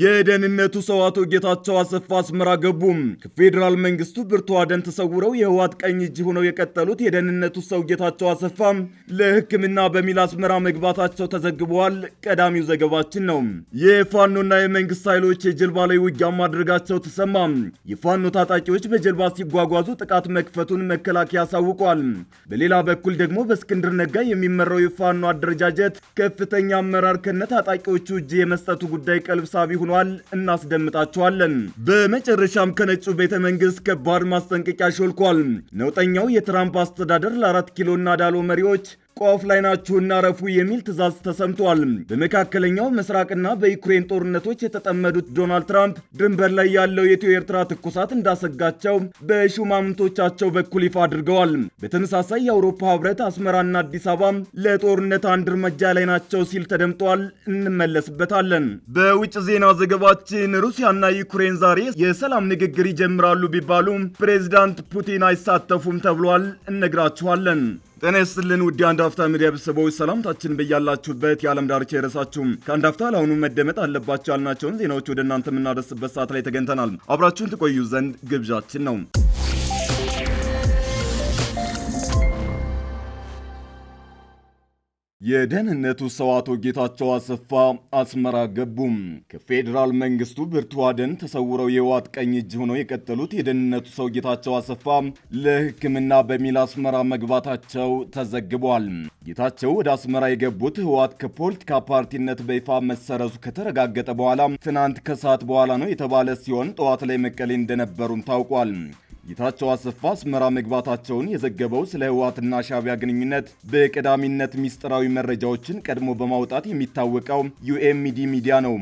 የደህንነቱ ሰው አቶ ጌታቸው አሰፋ አስመራ ገቡ። ከፌዴራል መንግስቱ ብርቱ አደን ተሰውረው የህወሓት ቀኝ እጅ ሆነው የቀጠሉት የደህንነቱ ሰው ጌታቸው አሰፋ ለሕክምና በሚል አስመራ መግባታቸው ተዘግበዋል። ቀዳሚው ዘገባችን ነው። የፋኖና የመንግስት ኃይሎች የጀልባ ላይ ውጊያ ማድረጋቸው ተሰማ። የፋኖ ታጣቂዎች በጀልባ ሲጓጓዙ ጥቃት መክፈቱን መከላከያ አሳውቋል። በሌላ በኩል ደግሞ በእስክንድር ነጋ የሚመራው የፋኖ አደረጃጀት ከፍተኛ አመራር ከነ ታጣቂዎቹ እጅ የመስጠቱ ጉዳይ ቀልብ ሳቢ ሆኗል። እናስደምጣቸዋለን። በመጨረሻም ከነጩ ቤተ መንግስት ከባድ ማስጠንቀቂያ ሾልኳል። ነውጠኛው የትራምፕ አስተዳደር ለአራት ኪሎና ዳሎ መሪዎች ቋፍ ላይ ናችሁና ረፉ የሚል ትዕዛዝ ተሰምቷል። በመካከለኛው ምስራቅና በዩክሬን ጦርነቶች የተጠመዱት ዶናልድ ትራምፕ ድንበር ላይ ያለው የኢትዮ ኤርትራ ትኩሳት እንዳሰጋቸው በሹማምንቶቻቸው በኩል ይፋ አድርገዋል። በተመሳሳይ የአውሮፓ ህብረት አስመራና አዲስ አበባ ለጦርነት አንድ እርምጃ ላይ ናቸው ሲል ተደምጧል። እንመለስበታለን። በውጭ ዜና ዘገባችን ሩሲያና ዩክሬን ዛሬ የሰላም ንግግር ይጀምራሉ ቢባሉ ፕሬዚዳንት ፑቲን አይሳተፉም ተብሏል። እነግራችኋለን። ጤና ይስጥልን ውድ አንድ አፍታ ሚዲያ ቤተሰቦች ሰላምታችን በያላችሁበት የዓለም ዳርቻ የረሳችሁም ከአንድ አፍታ ለአሁኑ መደመጥ አለባቸው ያልናቸውን ዜናዎች ወደ እናንተ የምናደርስበት ሰዓት ላይ ተገኝተናል። አብራችሁን ትቆዩ ዘንድ ግብዣችን ነው። የደህንነቱ ሰው አቶ ጌታቸው አሰፋ አስመራ ገቡም። ከፌዴራል መንግስቱ ብርቱ አደን ተሰውረው የህወሓት ቀኝ እጅ ሆነው የቀጠሉት የደህንነቱ ሰው ጌታቸው አሰፋ ለሕክምና በሚል አስመራ መግባታቸው ተዘግቧል። ጌታቸው ወደ አስመራ የገቡት ህወሓት ከፖለቲካ ፓርቲነት በይፋ መሰረዙ ከተረጋገጠ በኋላ ትናንት ከሰዓት በኋላ ነው የተባለ ሲሆን ጠዋት ላይ መቀሌ እንደነበሩም ታውቋል። ጌታቸው አሰፋ አስመራ መግባታቸውን የዘገበው ስለ ህወሓትና ሻቢያ ግንኙነት በቀዳሚነት ሚስጥራዊ መረጃዎችን ቀድሞ በማውጣት የሚታወቀው ዩኤምዲ ሚዲያ ነው።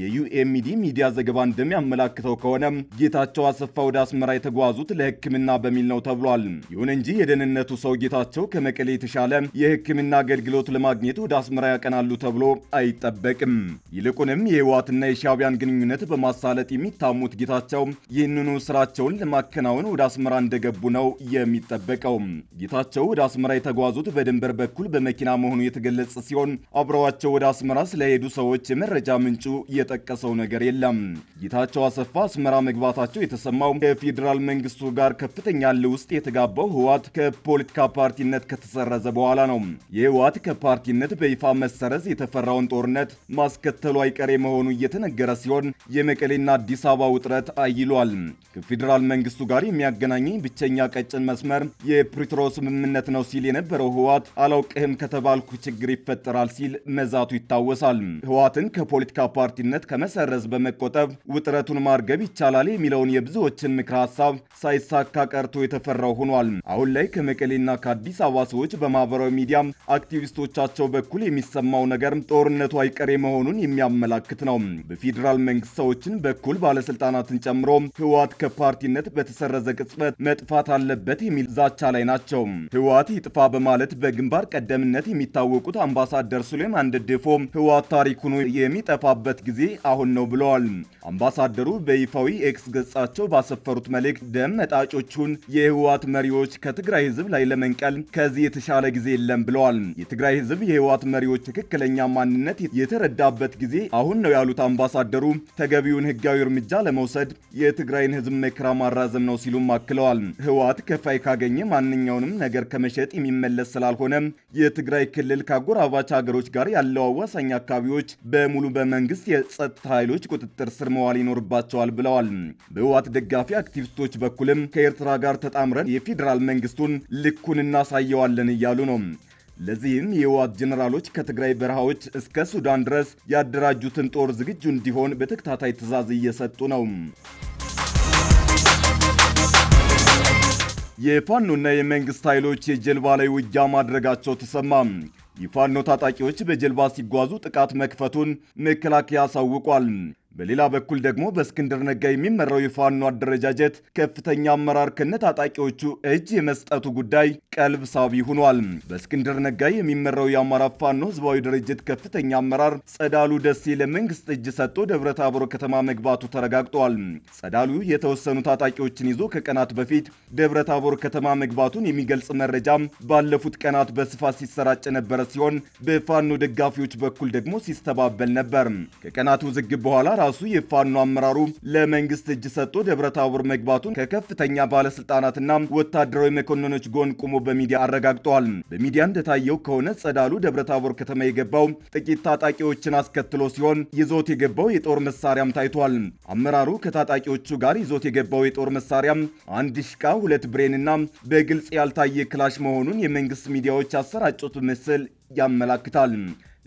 የዩኤምዲ ሚዲያ ዘገባ እንደሚያመላክተው ከሆነ ጌታቸው አሰፋ ወደ አስመራ የተጓዙት ለህክምና በሚል ነው ተብሏል። ይሁን እንጂ የደህንነቱ ሰው ጌታቸው ከመቀሌ የተሻለ የህክምና አገልግሎት ለማግኘት ወደ አስመራ ያቀናሉ ተብሎ አይጠበቅም። ይልቁንም የህወሓትና የሻቢያን ግንኙነት በማሳለጥ የሚታሙት ጌታቸው ይህንኑ ስራቸውን ለማከናወን ጌታቸውን ወደ አስመራ እንደገቡ ነው የሚጠበቀው። ጌታቸው ወደ አስመራ የተጓዙት በድንበር በኩል በመኪና መሆኑ የተገለጸ ሲሆን አብረዋቸው ወደ አስመራ ስለሄዱ ሰዎች የመረጃ ምንጩ የጠቀሰው ነገር የለም። ጌታቸው አሰፋ አስመራ መግባታቸው የተሰማው ከፌዴራል መንግስቱ ጋር ከፍተኛ ያለ ውስጥ የተጋባው ህወሓት ከፖለቲካ ፓርቲነት ከተሰረዘ በኋላ ነው። የህወሓት ከፓርቲነት በይፋ መሰረዝ የተፈራውን ጦርነት ማስከተሉ አይቀሬ መሆኑ እየተነገረ ሲሆን የመቀሌና አዲስ አበባ ውጥረት አይሏል። ከፌዴራል መንግስቱ ጋር የሚያገናኘኝ ብቸኛ ቀጭን መስመር የፕሪቶሪያው ስምምነት ነው ሲል የነበረው ህወሓት አላውቅህም ከተባልኩ ችግር ይፈጠራል ሲል መዛቱ ይታወሳል። ህወሓትን ከፖለቲካ ፓርቲነት ከመሰረዝ በመቆጠብ ውጥረቱን ማርገብ ይቻላል የሚለውን የብዙዎችን ምክረ ሀሳብ ሳይሳካ ቀርቶ የተፈራው ሆኗል። አሁን ላይ ከመቀሌና ከአዲስ አበባ ሰዎች በማህበራዊ ሚዲያ አክቲቪስቶቻቸው በኩል የሚሰማው ነገር ጦርነቱ አይቀሬ መሆኑን የሚያመላክት ነው። በፌዴራል መንግስት ሰዎችን በኩል ባለስልጣናትን ጨምሮ ህወሓት ከፓርቲነት በተሰረዘ በተያዘ ቅጽበት መጥፋት አለበት የሚል ዛቻ ላይ ናቸው። ህወሓት ይጥፋ በማለት በግንባር ቀደምነት የሚታወቁት አምባሳደር ሱሌማን ደደፎ ህወሓት ታሪኩን የሚጠፋበት ጊዜ አሁን ነው ብለዋል። አምባሳደሩ በይፋዊ ኤክስ ገጻቸው ባሰፈሩት መልእክት ደም መጣጮቹን የህወሓት መሪዎች ከትግራይ ህዝብ ላይ ለመንቀል ከዚህ የተሻለ ጊዜ የለም ብለዋል። የትግራይ ህዝብ የህወሓት መሪዎች ትክክለኛ ማንነት የተረዳበት ጊዜ አሁን ነው ያሉት አምባሳደሩ ተገቢውን ህጋዊ እርምጃ ለመውሰድ የትግራይን ህዝብ መከራ ማራዘም ነው ሲሉ ሲሉም አክለዋል። ህወሓት ከፋይ ካገኘ ማንኛውንም ነገር ከመሸጥ የሚመለስ ስላልሆነ የትግራይ ክልል ከአጎራባች ሀገሮች ጋር ያለው አዋሳኝ አካባቢዎች በሙሉ በመንግስት የጸጥታ ኃይሎች ቁጥጥር ስር መዋል ይኖርባቸዋል ብለዋል። በህወሓት ደጋፊ አክቲቪስቶች በኩልም ከኤርትራ ጋር ተጣምረን የፌዴራል መንግስቱን ልኩን እናሳየዋለን እያሉ ነው። ለዚህም የህወሓት ጀኔራሎች ከትግራይ በረሃዎች እስከ ሱዳን ድረስ ያደራጁትን ጦር ዝግጁ እንዲሆን በተከታታይ ትዕዛዝ እየሰጡ ነው። የፋኖና የመንግስት ኃይሎች የጀልባ ላይ ውጊያ ማድረጋቸው ተሰማ። የፋኖ ታጣቂዎች በጀልባ ሲጓዙ ጥቃት መክፈቱን መከላከያ አሳውቋል። በሌላ በኩል ደግሞ በእስክንድር ነጋ የሚመራው የፋኖ አደረጃጀት ከፍተኛ አመራር ከነ ታጣቂዎቹ እጅ የመስጠቱ ጉዳይ ቀልብ ሳቢ ሆኗል። በእስክንድር ነጋ የሚመራው የአማራ ፋኖ ህዝባዊ ድርጅት ከፍተኛ አመራር ጸዳሉ ደሴ ለመንግስት እጅ ሰጥቶ ደብረ ታቦር ከተማ መግባቱ ተረጋግጧል። ጸዳሉ የተወሰኑ ታጣቂዎችን ይዞ ከቀናት በፊት ደብረ ታቦር ከተማ መግባቱን የሚገልጽ መረጃም ባለፉት ቀናት በስፋት ሲሰራጭ ነበረ ሲሆን በፋኖ ደጋፊዎች በኩል ደግሞ ሲስተባበል ነበር። ከቀናት ውዝግብ በኋላ ራሱ የፋኖ አመራሩ ለመንግስት እጅ ሰጥቶ ደብረ ታቦር መግባቱን ከከፍተኛ ባለስልጣናትና ወታደራዊ መኮንኖች ጎን ቆሞ በሚዲያ አረጋግጠዋል። በሚዲያ እንደታየው ከሆነ ጸዳሉ ደብረ ታቦር ከተማ የገባው ጥቂት ታጣቂዎችን አስከትሎ ሲሆን ይዞት የገባው የጦር መሳሪያም ታይቷል። አመራሩ ከታጣቂዎቹ ጋር ይዞት የገባው የጦር መሳሪያም አንድ ሽቃ፣ ሁለት ብሬንና በግልጽ ያልታየ ክላሽ መሆኑን የመንግስት ሚዲያዎች አሰራጩት ምስል ያመላክታል።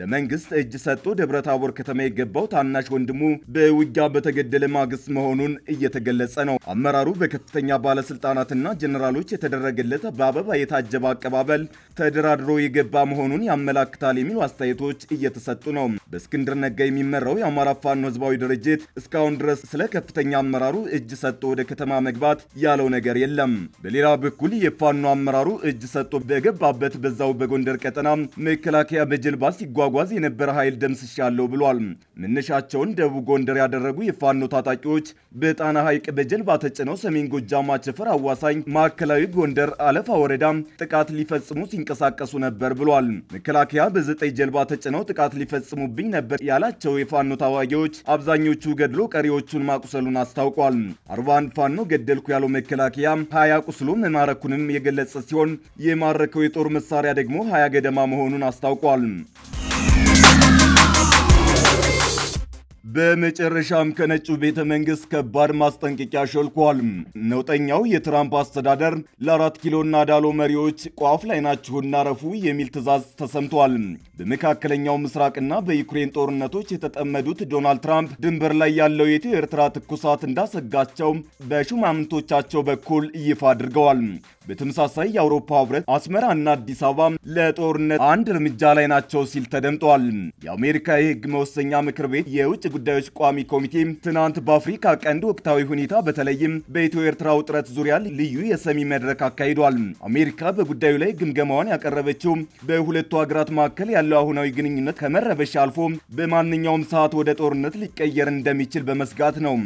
ለመንግስት እጅ ሰጥቶ ደብረታቦር ከተማ የገባው ታናሽ ወንድሙ በውጊያ በተገደለ ማግስት መሆኑን እየተገለጸ ነው። አመራሩ በከፍተኛ ባለስልጣናትና ጀኔራሎች የተደረገለት በአበባ የታጀበ አቀባበል ተደራድሮ የገባ መሆኑን ያመላክታል የሚሉ አስተያየቶች እየተሰጡ ነው። በእስክንድር ነጋ የሚመራው የአማራ ፋኖ ህዝባዊ ድርጅት እስካሁን ድረስ ስለ ከፍተኛ አመራሩ እጅ ሰጥቶ ወደ ከተማ መግባት ያለው ነገር የለም። በሌላ በኩል የፋኖ አመራሩ እጅ ሰጥቶ በገባበት በዛው በጎንደር ቀጠና መከላከያ በጀልባ ሲጓ ሲጓጓዝ የነበረ ኃይል ደምስሻለሁ ብሏል። መነሻቸውን ደቡብ ጎንደር ያደረጉ የፋኖ ታጣቂዎች በጣና ሐይቅ በጀልባ ተጭነው ሰሜን ጎጃም አቸፈር አዋሳኝ ማዕከላዊ ጎንደር አለፋ ወረዳ ጥቃት ሊፈጽሙ ሲንቀሳቀሱ ነበር ብሏል። መከላከያ በዘጠኝ ጀልባ ተጭነው ጥቃት ሊፈጽሙብኝ ነበር ያላቸው የፋኖ ታዋጊዎች አብዛኞቹ ገድሎ ቀሪዎቹን ማቁሰሉን አስታውቋል። አርባ አንድ ፋኖ ገደልኩ ያለው መከላከያ ሀያ ቁስሎ መማረኩንም የገለጸ ሲሆን የማረከው የጦር መሳሪያ ደግሞ ሀያ ገደማ መሆኑን አስታውቋል። በመጨረሻም ከነጩ ቤተ መንግስት ከባድ ማስጠንቀቂያ ሾልኳል። ነውጠኛው የትራምፕ አስተዳደር ለአራት ኪሎና ዳሎ መሪዎች ቋፍ ላይ ናችሁና ረፉ የሚል ትዕዛዝ ተሰምቷል። በመካከለኛው ምስራቅና በዩክሬን ጦርነቶች የተጠመዱት ዶናልድ ትራምፕ ድንበር ላይ ያለው የኢትዮ ኤርትራ ትኩሳት እንዳሰጋቸው በሹማምንቶቻቸው በኩል ይፋ አድርገዋል። በተመሳሳይ የአውሮፓ ህብረት አስመራና አዲስ አበባ ለጦርነት አንድ እርምጃ ላይ ናቸው ሲል ተደምጧል። የአሜሪካ የህግ መወሰኛ ምክር ቤት የውጭ ጉዳዮች ቋሚ ኮሚቴ ትናንት በአፍሪካ ቀንድ ወቅታዊ ሁኔታ በተለይም በኢትዮ ኤርትራ ውጥረት ዙሪያ ልዩ የሰሚ መድረክ አካሂዷል። አሜሪካ በጉዳዩ ላይ ግምገማዋን ያቀረበችው በሁለቱ ሀገራት መካከል ያለው አሁናዊ ግንኙነት ከመረበሻ አልፎ በማንኛውም ሰዓት ወደ ጦርነት ሊቀየር እንደሚችል በመስጋት ነው።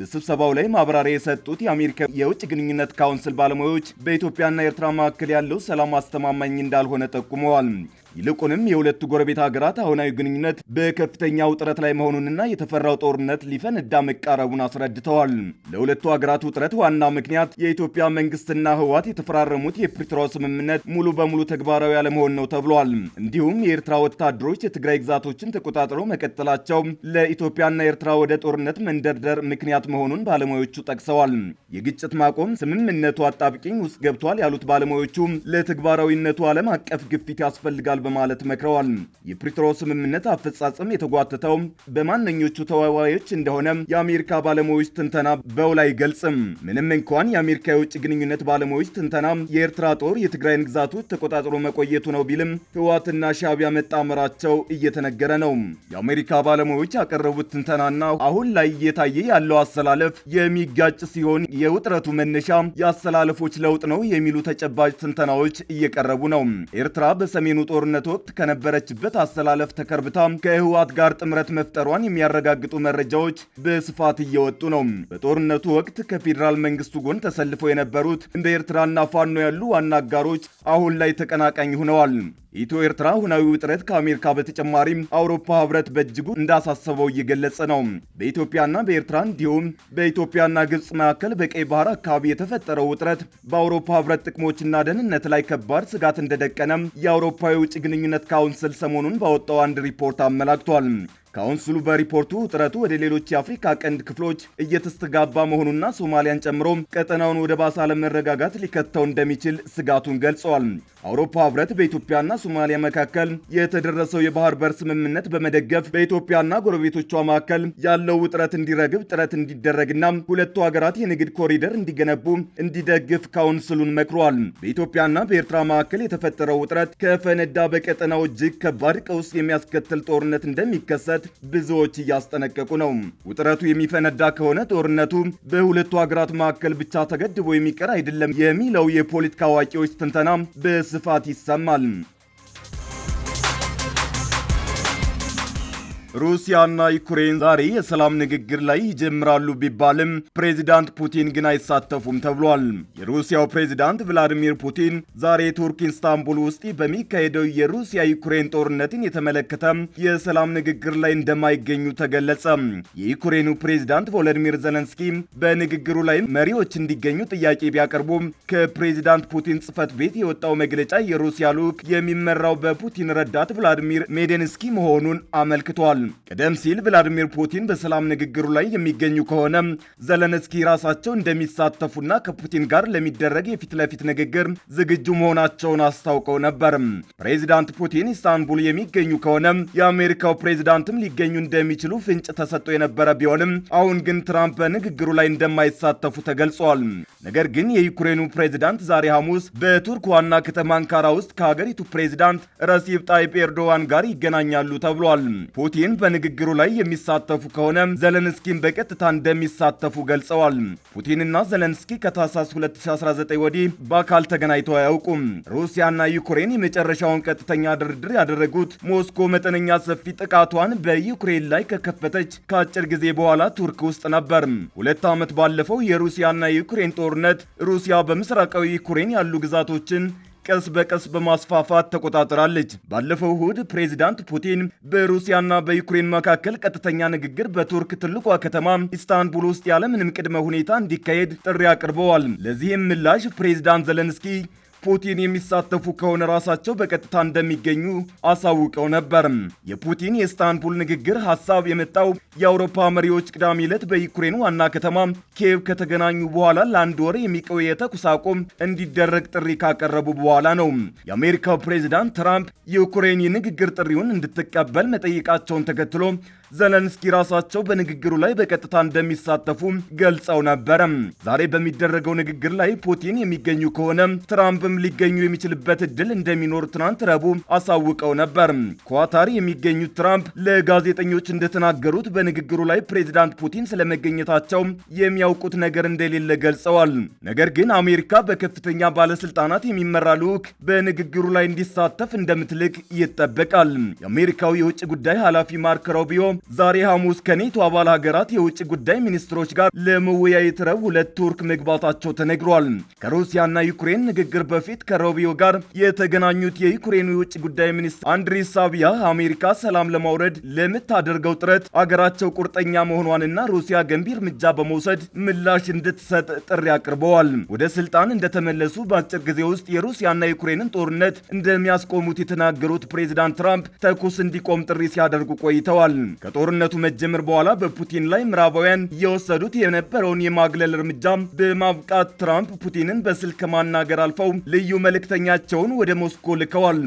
በስብሰባው ላይ ማብራሪያ የሰጡት የአሜሪካ የውጭ ግንኙነት ካውንስል ባለሙያዎች በኢትዮጵያና ኤርትራ መካከል ያለው ሰላም አስተማማኝ እንዳልሆነ ጠቁመዋል። ይልቁንም የሁለቱ ጎረቤት ሀገራት አሁናዊ ግንኙነት በከፍተኛ ውጥረት ላይ መሆኑንና የተፈራው ጦርነት ሊፈነዳ መቃረቡን አስረድተዋል። ለሁለቱ ሀገራት ውጥረት ዋና ምክንያት የኢትዮጵያ መንግስትና ህወሓት የተፈራረሙት የፕሪቶሪያው ስምምነት ሙሉ በሙሉ ተግባራዊ አለመሆን ነው ተብሏል። እንዲሁም የኤርትራ ወታደሮች የትግራይ ግዛቶችን ተቆጣጥረው መቀጠላቸው ለኢትዮጵያና ኤርትራ ወደ ጦርነት መንደርደር ምክንያት መሆኑን ባለሙያዎቹ ጠቅሰዋል። የግጭት ማቆም ስምምነቱ አጣብቂኝ ውስጥ ገብቷል ያሉት ባለሙያዎቹ ለተግባራዊነቱ ዓለም አቀፍ ግፊት ያስፈልጋል በማለት መክረዋል። የፕሪቶሪያው ስምምነት አፈጻጸም የተጓተተው በማንኞቹ ተዋዋዮች እንደሆነ የአሜሪካ ባለሙያዎች ትንተና በውል አይገልጽም። ምንም እንኳን የአሜሪካ የውጭ ግንኙነት ባለሙያዎች ትንተና የኤርትራ ጦር የትግራይን ግዛቶች ተቆጣጥሮ መቆየቱ ነው ቢልም ህወሓትና ሻቢያ መጣመራቸው እየተነገረ ነው። የአሜሪካ ባለሙያዎች ያቀረቡት ትንተናና አሁን ላይ እየታየ ያለው አሰላለፍ የሚጋጭ ሲሆን የውጥረቱ መነሻ የአሰላለፎች ለውጥ ነው የሚሉ ተጨባጭ ትንተናዎች እየቀረቡ ነው። ኤርትራ በሰሜኑ ጦር ጦርነት ወቅት ከነበረችበት አሰላለፍ ተከርብታ ከህወሓት ጋር ጥምረት መፍጠሯን የሚያረጋግጡ መረጃዎች በስፋት እየወጡ ነው። በጦርነቱ ወቅት ከፌዴራል መንግስቱ ጎን ተሰልፈው የነበሩት እንደ ኤርትራና ፋኖ ያሉ ዋና አጋሮች አሁን ላይ ተቀናቃኝ ሆነዋል። ኢትዮ ኤርትራ ሁናዊ ውጥረት ከአሜሪካ በተጨማሪም አውሮፓ ህብረት በእጅጉ እንዳሳሰበው እየገለጸ ነው። በኢትዮጵያና በኤርትራ እንዲሁም በኢትዮጵያና ግብፅ መካከል በቀይ ባህር አካባቢ የተፈጠረው ውጥረት በአውሮፓ ህብረት ጥቅሞችና ደህንነት ላይ ከባድ ስጋት እንደደቀነም የአውሮፓ የውጭ ግንኙነት ካውንስል ሰሞኑን ባወጣው አንድ ሪፖርት አመላክቷል። ካውንስሉ በሪፖርቱ ውጥረቱ ወደ ሌሎች የአፍሪካ ቀንድ ክፍሎች እየተስተጋባ መሆኑና ሶማሊያን ጨምሮ ቀጠናውን ወደ ባሰ አለመረጋጋት ሊከተው እንደሚችል ስጋቱን ገልጸዋል። አውሮፓ ህብረት በኢትዮጵያና ሶማሊያ መካከል የተደረሰው የባህር በር ስምምነት በመደገፍ በኢትዮጵያና ጎረቤቶቿ መካከል ያለው ውጥረት እንዲረግብ ጥረት እንዲደረግና ሁለቱ ሀገራት የንግድ ኮሪደር እንዲገነቡ እንዲደግፍ ካውንስሉን መክሯል። በኢትዮጵያና በኤርትራ መካከል የተፈጠረው ውጥረት ከፈነዳ በቀጠናው እጅግ ከባድ ቀውስ የሚያስከትል ጦርነት እንደሚከሰት እንዲከሰት ብዙዎች እያስጠነቀቁ ነው። ውጥረቱ የሚፈነዳ ከሆነ ጦርነቱ በሁለቱ ሀገራት መካከል ብቻ ተገድቦ የሚቀር አይደለም የሚለው የፖለቲካ አዋቂዎች ትንተና በስፋት ይሰማል። ሩሲያና ዩክሬን ዛሬ የሰላም ንግግር ላይ ይጀምራሉ ቢባልም ፕሬዚዳንት ፑቲን ግን አይሳተፉም ተብሏል። የሩሲያው ፕሬዚዳንት ቭላዲሚር ፑቲን ዛሬ ቱርክ ኢስታንቡል ውስጥ በሚካሄደው የሩሲያ ዩክሬን ጦርነትን የተመለከተ የሰላም ንግግር ላይ እንደማይገኙ ተገለጸ። የዩክሬኑ ፕሬዚዳንት ቮሎዲሚር ዘለንስኪ በንግግሩ ላይ መሪዎች እንዲገኙ ጥያቄ ቢያቀርቡም ከፕሬዚዳንት ፑቲን ጽህፈት ቤት የወጣው መግለጫ የሩሲያ ልዑክ የሚመራው በፑቲን ረዳት ቭላዲሚር ሜዴንስኪ መሆኑን አመልክቷል። ተናግረዋል። ቀደም ሲል ቭላዲሚር ፑቲን በሰላም ንግግሩ ላይ የሚገኙ ከሆነ ዘለንስኪ ራሳቸው እንደሚሳተፉና ከፑቲን ጋር ለሚደረግ የፊት ለፊት ንግግር ዝግጁ መሆናቸውን አስታውቀው ነበር። ፕሬዚዳንት ፑቲን ኢስታንቡል የሚገኙ ከሆነ የአሜሪካው ፕሬዚዳንትም ሊገኙ እንደሚችሉ ፍንጭ ተሰጥቶ የነበረ ቢሆንም አሁን ግን ትራምፕ በንግግሩ ላይ እንደማይሳተፉ ተገልጿል። ነገር ግን የዩክሬኑ ፕሬዚዳንት ዛሬ ሐሙስ በቱርክ ዋና ከተማ አንካራ ውስጥ ከሀገሪቱ ፕሬዚዳንት ረሲብ ጣይፕ ኤርዶዋን ጋር ይገናኛሉ ተብሏል። ፑቲን ፑቲን በንግግሩ ላይ የሚሳተፉ ከሆነ ዘለንስኪን በቀጥታ እንደሚሳተፉ ገልጸዋል። ፑቲንና ዘለንስኪ ከታህሳስ 2019 ወዲህ በአካል ተገናኝተው አያውቁም። ሩሲያና ዩክሬን የመጨረሻውን ቀጥተኛ ድርድር ያደረጉት ሞስኮ መጠነኛ ሰፊ ጥቃቷን በዩክሬን ላይ ከከፈተች ከአጭር ጊዜ በኋላ ቱርክ ውስጥ ነበር። ሁለት ዓመት ባለፈው የሩሲያና የዩክሬን ጦርነት ሩሲያ በምስራቃዊ ዩክሬን ያሉ ግዛቶችን ቀስ በቀስ በማስፋፋት ተቆጣጥራለች። ባለፈው እሁድ ፕሬዚዳንት ፑቲን በሩሲያና በዩክሬን መካከል ቀጥተኛ ንግግር በቱርክ ትልቋ ከተማ ኢስታንቡል ውስጥ ያለምንም ቅድመ ሁኔታ እንዲካሄድ ጥሪ አቅርበዋል። ለዚህም ምላሽ ፕሬዚዳንት ዘለንስኪ ፑቲን የሚሳተፉ ከሆነ ራሳቸው በቀጥታ እንደሚገኙ አሳውቀው ነበር። የፑቲን የስታንቡል ንግግር ሀሳብ የመጣው የአውሮፓ መሪዎች ቅዳሜ ዕለት በዩክሬን ዋና ከተማ ኪየቭ ከተገናኙ በኋላ ለአንድ ወር የሚቆይ የተኩስ አቁም እንዲደረግ ጥሪ ካቀረቡ በኋላ ነው። የአሜሪካው ፕሬዚዳንት ትራምፕ የዩክሬን የንግግር ጥሪውን እንድትቀበል መጠየቃቸውን ተከትሎ ዘለንስኪ ራሳቸው በንግግሩ ላይ በቀጥታ እንደሚሳተፉ ገልጸው ነበረ። ዛሬ በሚደረገው ንግግር ላይ ፑቲን የሚገኙ ከሆነ ትራምፕም ሊገኙ የሚችልበት እድል እንደሚኖር ትናንት ረቡዕ አሳውቀው ነበር። ኳታር የሚገኙት ትራምፕ ለጋዜጠኞች እንደተናገሩት በንግግሩ ላይ ፕሬዚዳንት ፑቲን ስለመገኘታቸው የሚያውቁት ነገር እንደሌለ ገልጸዋል። ነገር ግን አሜሪካ በከፍተኛ ባለስልጣናት የሚመራ ልዑክ በንግግሩ ላይ እንዲሳተፍ እንደምትልክ ይጠበቃል። የአሜሪካው የውጭ ጉዳይ ኃላፊ ማርክ ሮቢዮ ዛሬ ሐሙስ ከኔቶ አባል ሀገራት የውጭ ጉዳይ ሚኒስትሮች ጋር ለመወያየት ረቡዕ ሁለት ቱርክ መግባታቸው ተነግሯል። ከሩሲያና ዩክሬን ንግግር በፊት ከሮቢዮ ጋር የተገናኙት የዩክሬኑ የውጭ ጉዳይ ሚኒስትር አንድሪ ሳቢያ አሜሪካ ሰላም ለማውረድ ለምታደርገው ጥረት አገራቸው ቁርጠኛ መሆኗንና ሩሲያ ገንቢ እርምጃ በመውሰድ ምላሽ እንድትሰጥ ጥሪ አቅርበዋል። ወደ ስልጣን እንደተመለሱ በአጭር ጊዜ ውስጥ የሩሲያና ዩክሬንን ጦርነት እንደሚያስቆሙት የተናገሩት ፕሬዚዳንት ትራምፕ ተኩስ እንዲቆም ጥሪ ሲያደርጉ ቆይተዋል። ከጦርነቱ መጀመር በኋላ በፑቲን ላይ ምዕራባውያን እየወሰዱት የነበረውን የማግለል እርምጃ በማብቃት ትራምፕ ፑቲንን በስልክ ማናገር አልፈው ልዩ መልእክተኛቸውን ወደ ሞስኮ ልከዋል።